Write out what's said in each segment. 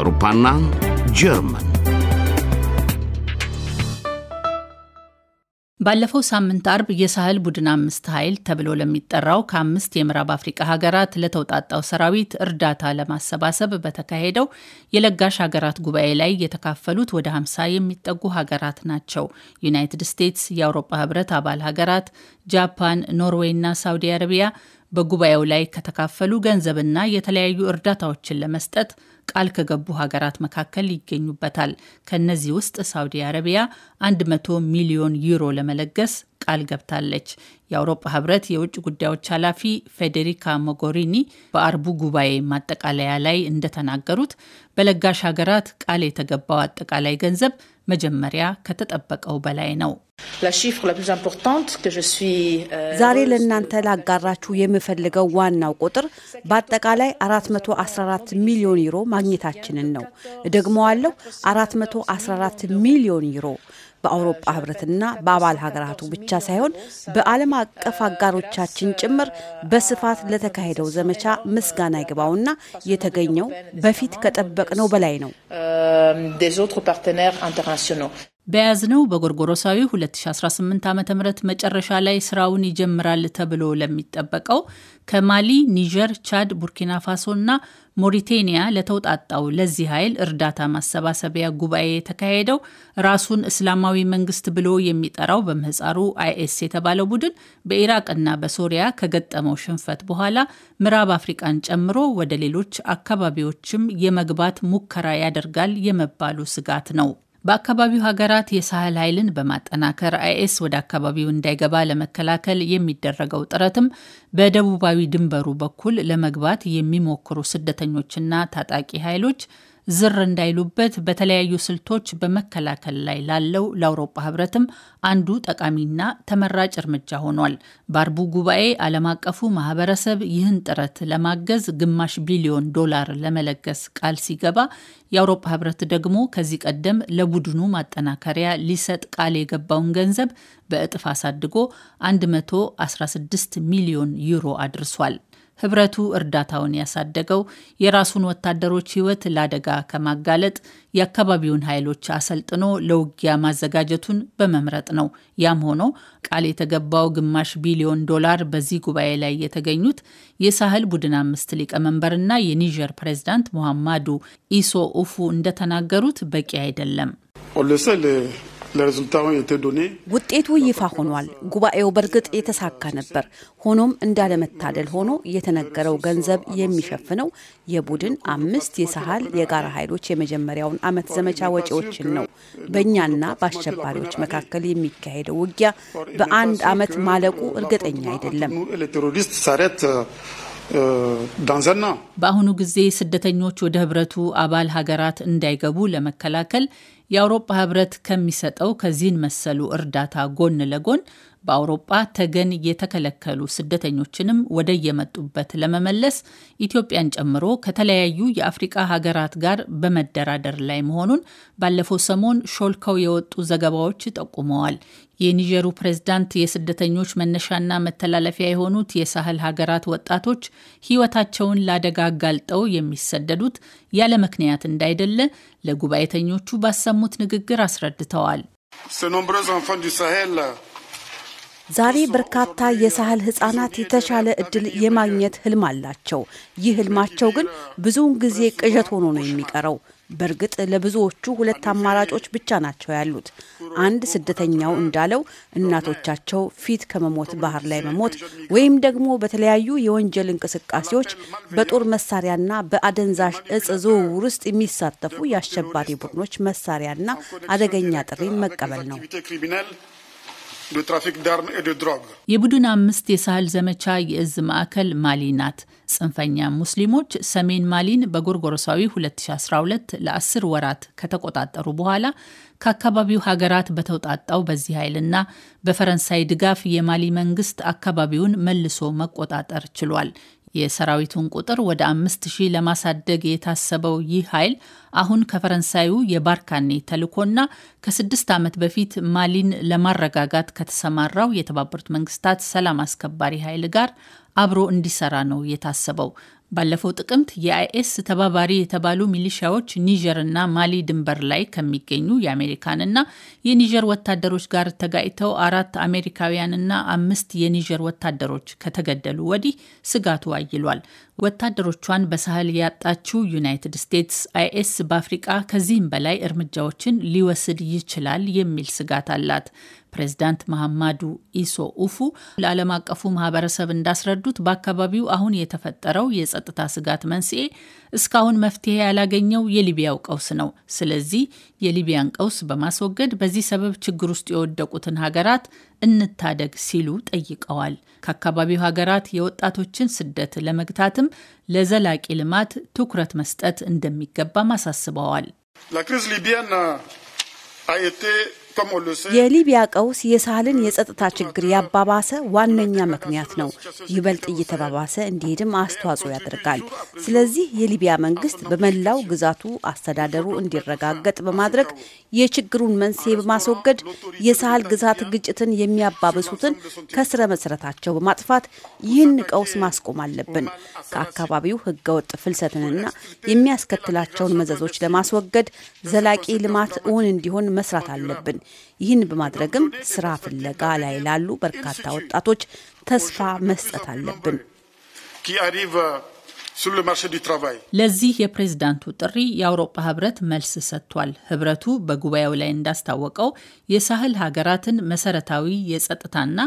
አውሮፓና ጀርመን ባለፈው ሳምንት አርብ የሳህል ቡድን አምስት ኃይል ተብሎ ለሚጠራው ከአምስት የምዕራብ አፍሪቃ ሀገራት ለተውጣጣው ሰራዊት እርዳታ ለማሰባሰብ በተካሄደው የለጋሽ ሀገራት ጉባኤ ላይ የተካፈሉት ወደ 50 የሚጠጉ ሀገራት ናቸው። ዩናይትድ ስቴትስ፣ የአውሮፓ ህብረት አባል ሀገራት፣ ጃፓን፣ ኖርዌይ እና ሳውዲ አረቢያ በጉባኤው ላይ ከተካፈሉ ገንዘብና የተለያዩ እርዳታዎችን ለመስጠት ቃል ከገቡ ሀገራት መካከል ይገኙበታል። ከእነዚህ ውስጥ ሳውዲ አረቢያ 100 ሚሊዮን ዩሮ ለመለገስ ቃል ገብታለች። የአውሮፓ ህብረት የውጭ ጉዳዮች ኃላፊ ፌዴሪካ ሞጎሪኒ በአርቡ ጉባኤ ማጠቃለያ ላይ እንደተናገሩት በለጋሽ ሀገራት ቃል የተገባው አጠቃላይ ገንዘብ መጀመሪያ ከተጠበቀው በላይ ነው። euh, ዛሬ ለእናንተ ላጋራችሁ የምፈልገው ዋናው ቁጥር በአጠቃላይ 414 ሚሊዮን ዩሮ ማግኘታችንን ነው። አለው 414 ሚሊዮን ዩሮ በአውሮፓ ህብረትና በአባል ሀገራቱ ብቻ ሳይሆን በዓለም አቀፍ አጋሮቻችን ጭምር በስፋት ለተካሄደው ዘመቻ ምስጋና ይግባውና የተገኘው በፊት ከጠበቅነው በላይ ነው። euh, በያዝነው በጎርጎሮሳዊ 2018 ዓ ም መጨረሻ ላይ ስራውን ይጀምራል ተብሎ ለሚጠበቀው ከማሊ፣ ኒጀር፣ ቻድ፣ ቡርኪና ፋሶ እና ሞሪቴኒያ ለተውጣጣው ለዚህ ኃይል እርዳታ ማሰባሰቢያ ጉባኤ የተካሄደው ራሱን እስላማዊ መንግስት ብሎ የሚጠራው በምህፃሩ አይኤስ የተባለው ቡድን በኢራቅና በሶሪያ ከገጠመው ሽንፈት በኋላ ምዕራብ አፍሪቃን ጨምሮ ወደ ሌሎች አካባቢዎችም የመግባት ሙከራ ያደርጋል የመባሉ ስጋት ነው። በአካባቢው ሀገራት የሳህል ኃይልን በማጠናከር አይኤስ ወደ አካባቢው እንዳይገባ ለመከላከል የሚደረገው ጥረትም በደቡባዊ ድንበሩ በኩል ለመግባት የሚሞክሩ ስደተኞችና ታጣቂ ኃይሎች ዝር እንዳይሉበት በተለያዩ ስልቶች በመከላከል ላይ ላለው ለአውሮፓ ህብረትም አንዱ ጠቃሚና ተመራጭ እርምጃ ሆኗል። በአርቡ ጉባኤ ዓለም አቀፉ ማህበረሰብ ይህን ጥረት ለማገዝ ግማሽ ቢሊዮን ዶላር ለመለገስ ቃል ሲገባ የአውሮፓ ህብረት ደግሞ ከዚህ ቀደም ለቡድኑ ማጠናከሪያ ሊሰጥ ቃል የገባውን ገንዘብ በእጥፍ አሳድጎ 116 ሚሊዮን ዩሮ አድርሷል። ህብረቱ እርዳታውን ያሳደገው የራሱን ወታደሮች ህይወት ለአደጋ ከማጋለጥ የአካባቢውን ኃይሎች አሰልጥኖ ለውጊያ ማዘጋጀቱን በመምረጥ ነው። ያም ሆኖ ቃል የተገባው ግማሽ ቢሊዮን ዶላር በዚህ ጉባኤ ላይ የተገኙት የሳህል ቡድን አምስት ሊቀመንበርና የኒጀር ፕሬዝዳንት ሞሐማዱ ኢሶ ኡፉ እንደተናገሩት በቂ አይደለም። ውጤቱ ይፋ ሆኗል። ጉባኤው በእርግጥ የተሳካ ነበር። ሆኖም እንዳለመታደል ሆኖ የተነገረው ገንዘብ የሚሸፍነው የቡድን አምስት የሳህል የጋራ ኃይሎች የመጀመሪያውን ዓመት ዘመቻ ወጪዎችን ነው። በእኛና በአሸባሪዎች መካከል የሚካሄደው ውጊያ በአንድ ዓመት ማለቁ እርግጠኛ አይደለም። በአሁኑ ጊዜ ስደተኞች ወደ ህብረቱ አባል ሀገራት እንዳይገቡ ለመከላከል የአውሮፓ ህብረት ከሚሰጠው ከዚህን መሰሉ እርዳታ ጎን ለጎን በአውሮጳ ተገን የተከለከሉ ስደተኞችንም ወደየመጡበት ለመመለስ ኢትዮጵያን ጨምሮ ከተለያዩ የአፍሪቃ ሀገራት ጋር በመደራደር ላይ መሆኑን ባለፈው ሰሞን ሾልከው የወጡ ዘገባዎች ጠቁመዋል። የኒጀሩ ፕሬዝዳንት የስደተኞች መነሻና መተላለፊያ የሆኑት የሳህል ሀገራት ወጣቶች ሕይወታቸውን ለአደጋ አጋልጠው የሚሰደዱት ያለ ምክንያት እንዳይደለ ለጉባኤተኞቹ ባሰሙት ንግግር አስረድተዋል። ዛሬ በርካታ የሳህል ህጻናት የተሻለ እድል የማግኘት ህልም አላቸው። ይህ ህልማቸው ግን ብዙውን ጊዜ ቅዠት ሆኖ ነው የሚቀረው። በእርግጥ ለብዙዎቹ ሁለት አማራጮች ብቻ ናቸው ያሉት። አንድ ስደተኛው እንዳለው እናቶቻቸው ፊት ከመሞት ባህር ላይ መሞት ወይም ደግሞ በተለያዩ የወንጀል እንቅስቃሴዎች በጦር መሳሪያና በአደንዛዥ እጽ ዝውውር ውስጥ የሚሳተፉ የአሸባሪ ቡድኖች መሳሪያና አደገኛ ጥሪ መቀበል ነው። d'armes et de drogue. የቡድን አምስት የሳህል ዘመቻ የእዝ ማዕከል ማሊ ናት። ጽንፈኛ ሙስሊሞች ሰሜን ማሊን በጎርጎሮሳዊ 2012 ለ10 ወራት ከተቆጣጠሩ በኋላ ከአካባቢው ሀገራት በተውጣጣው በዚህ ኃይልና በፈረንሳይ ድጋፍ የማሊ መንግስት አካባቢውን መልሶ መቆጣጠር ችሏል። የሰራዊቱን ቁጥር ወደ አምስት ሺህ ለማሳደግ የታሰበው ይህ ኃይል አሁን ከፈረንሳዩ የባርካኔ ተልኮና ከስድስት ዓመት በፊት ማሊን ለማረጋጋት ከተሰማራው የተባበሩት መንግስታት ሰላም አስከባሪ ኃይል ጋር አብሮ እንዲሰራ ነው የታሰበው። ባለፈው ጥቅምት የአይኤስ ተባባሪ የተባሉ ሚሊሻዎች ኒጀርና ማሊ ድንበር ላይ ከሚገኙ የአሜሪካንና የኒጀር ወታደሮች ጋር ተጋጭተው አራት አሜሪካውያንና አምስት የኒጀር ወታደሮች ከተገደሉ ወዲህ ስጋቱ አይሏል። ወታደሮቿን በሳህል ያጣችው ዩናይትድ ስቴትስ አይኤስ በአፍሪቃ ከዚህም በላይ እርምጃዎችን ሊወስድ ይችላል የሚል ስጋት አላት። ፕሬዚዳንት መሐማዱ ኢሶ ኡፉ ለዓለም አቀፉ ማህበረሰብ እንዳስረዱት በአካባቢው አሁን የተፈጠረው የጸጥታ ስጋት መንስኤ እስካሁን መፍትሄ ያላገኘው የሊቢያው ቀውስ ነው። ስለዚህ የሊቢያን ቀውስ በማስወገድ በዚህ ሰበብ ችግር ውስጥ የወደቁትን ሀገራት እንታደግ ሲሉ ጠይቀዋል። ከአካባቢው ሀገራት የወጣቶችን ስደት ለመግታትም ለዘላቂ ልማት ትኩረት መስጠት እንደሚገባም አሳስበዋል። የሊቢያ ቀውስ የሳህልን የጸጥታ ችግር ያባባሰ ዋነኛ ምክንያት ነው። ይበልጥ እየተባባሰ እንዲሄድም አስተዋጽኦ ያደርጋል። ስለዚህ የሊቢያ መንግስት በመላው ግዛቱ አስተዳደሩ እንዲረጋገጥ በማድረግ የችግሩን መንስኤ በማስወገድ የሳህል ግዛት ግጭትን የሚያባብሱትን ከስረ መሰረታቸው በማጥፋት ይህን ቀውስ ማስቆም አለብን። ከአካባቢው ህገወጥ ፍልሰትንና የሚያስከትላቸውን መዘዞች ለማስወገድ ዘላቂ ልማት እውን እንዲሆን መስራት አለብን። ይህን በማድረግም ስራ ፍለጋ ላይ ላሉ በርካታ ወጣቶች ተስፋ መስጠት አለብን። ለዚህ የፕሬዝዳንቱ ጥሪ የአውሮፓ ህብረት መልስ ሰጥቷል። ህብረቱ በጉባኤው ላይ እንዳስታወቀው የሳህል ሀገራትን መሰረታዊ የጸጥታና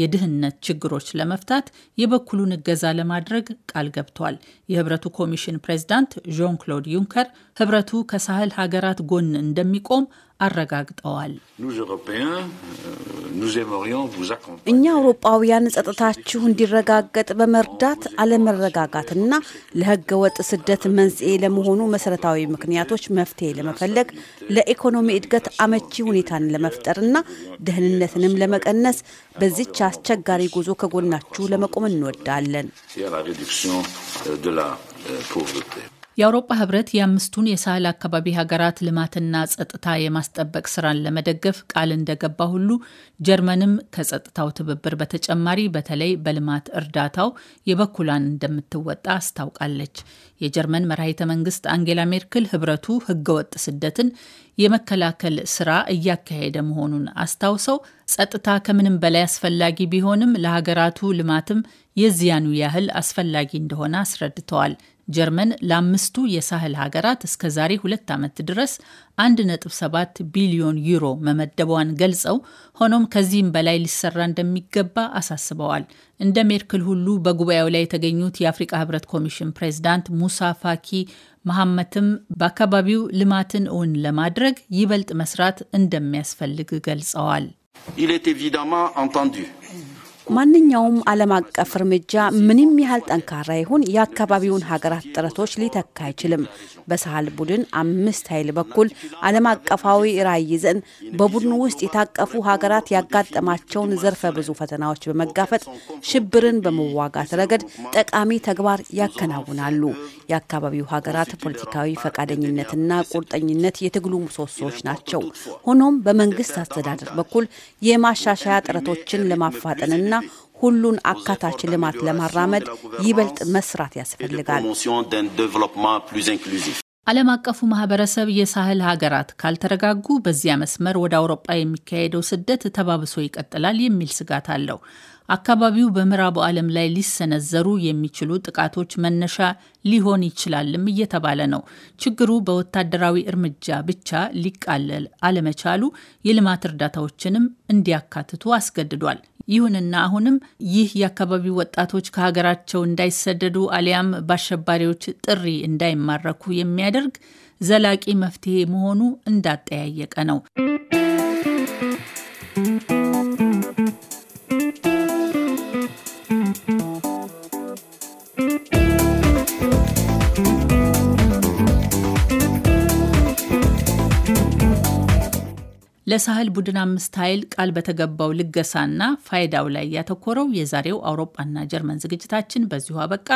የድህነት ችግሮች ለመፍታት የበኩሉን እገዛ ለማድረግ ቃል ገብቷል። የህብረቱ ኮሚሽን ፕሬዝዳንት ዣን ክሎድ ዩንከር ህብረቱ ከሳህል ሀገራት ጎን እንደሚቆም አረጋግጠዋል። euh, እኛ አውሮፓውያን ጸጥታችሁ እንዲረጋገጥ በመርዳት አለመረጋጋትና ለህገ ወጥ ስደት መንስኤ ለመሆኑ መሰረታዊ ምክንያቶች መፍትሄ ለመፈለግ ለኢኮኖሚ እድገት አመቺ ሁኔታን ለመፍጠርና ደህንነትንም ለመቀነስ በዚች አስቸጋሪ ጉዞ ከጎናችሁ ለመቆም እንወዳለን። የአውሮፓ ህብረት የአምስቱን የሳህል አካባቢ ሀገራት ልማትና ጸጥታ የማስጠበቅ ስራን ለመደገፍ ቃል እንደገባ ሁሉ ጀርመንም ከጸጥታው ትብብር በተጨማሪ በተለይ በልማት እርዳታው የበኩሏን እንደምትወጣ አስታውቃለች። የጀርመን መራሂተ መንግስት አንጌላ ሜርክል ህብረቱ ህገወጥ ስደትን የመከላከል ስራ እያካሄደ መሆኑን አስታውሰው ጸጥታ ከምንም በላይ አስፈላጊ ቢሆንም ለሀገራቱ ልማትም የዚያኑ ያህል አስፈላጊ እንደሆነ አስረድተዋል። ጀርመን ለአምስቱ የሳህል ሀገራት እስከ ዛሬ ሁለት ዓመት ድረስ 1.7 ቢሊዮን ዩሮ መመደቧን ገልጸው ሆኖም ከዚህም በላይ ሊሰራ እንደሚገባ አሳስበዋል። እንደ ሜርክል ሁሉ በጉባኤው ላይ የተገኙት የአፍሪቃ ህብረት ኮሚሽን ፕሬዚዳንት ሙሳ ፋኪ መሐመትም በአካባቢው ልማትን እውን ለማድረግ ይበልጥ መስራት እንደሚያስፈልግ ገልጸዋል። ማንኛውም ዓለም አቀፍ እርምጃ ምንም ያህል ጠንካራ ይሁን የአካባቢውን ሀገራት ጥረቶች ሊተካ አይችልም። በሳህል ቡድን አምስት ኃይል በኩል ዓለም አቀፋዊ ራዕይ ይዘን በቡድኑ ውስጥ የታቀፉ ሀገራት ያጋጠማቸውን ዘርፈ ብዙ ፈተናዎች በመጋፈጥ ሽብርን በመዋጋት ረገድ ጠቃሚ ተግባር ያከናውናሉ። የአካባቢው ሀገራት ፖለቲካዊ ፈቃደኝነትና ቁርጠኝነት የትግሉ ምሰሶዎች ናቸው። ሆኖም በመንግስት አስተዳደር በኩል የማሻሻያ ጥረቶችን ለማፋጠንና ሁሉን አካታች ልማት ለማራመድ ይበልጥ መስራት ያስፈልጋል። ዓለም አቀፉ ማህበረሰብ የሳህል ሀገራት ካልተረጋጉ በዚያ መስመር ወደ አውሮፓ የሚካሄደው ስደት ተባብሶ ይቀጥላል የሚል ስጋት አለው። አካባቢው በምዕራቡ ዓለም ላይ ሊሰነዘሩ የሚችሉ ጥቃቶች መነሻ ሊሆን ይችላልም እየተባለ ነው። ችግሩ በወታደራዊ እርምጃ ብቻ ሊቃለል አለመቻሉ የልማት እርዳታዎችንም እንዲያካትቱ አስገድዷል። ይሁንና አሁንም ይህ የአካባቢው ወጣቶች ከሀገራቸው እንዳይሰደዱ አሊያም በአሸባሪዎች ጥሪ እንዳይማረኩ የሚያደርግ ዘላቂ መፍትሄ መሆኑ እንዳጠያየቀ ነው። ለሳህል ቡድን አምስት ኃይል ቃል በተገባው ልገሳና ፋይዳው ላይ ያተኮረው የዛሬው አውሮፓና ጀርመን ዝግጅታችን በዚሁ አበቃ።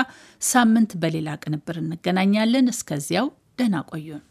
ሳምንት በሌላ ቅንብር እንገናኛለን። እስከዚያው ደህና ቆዩን።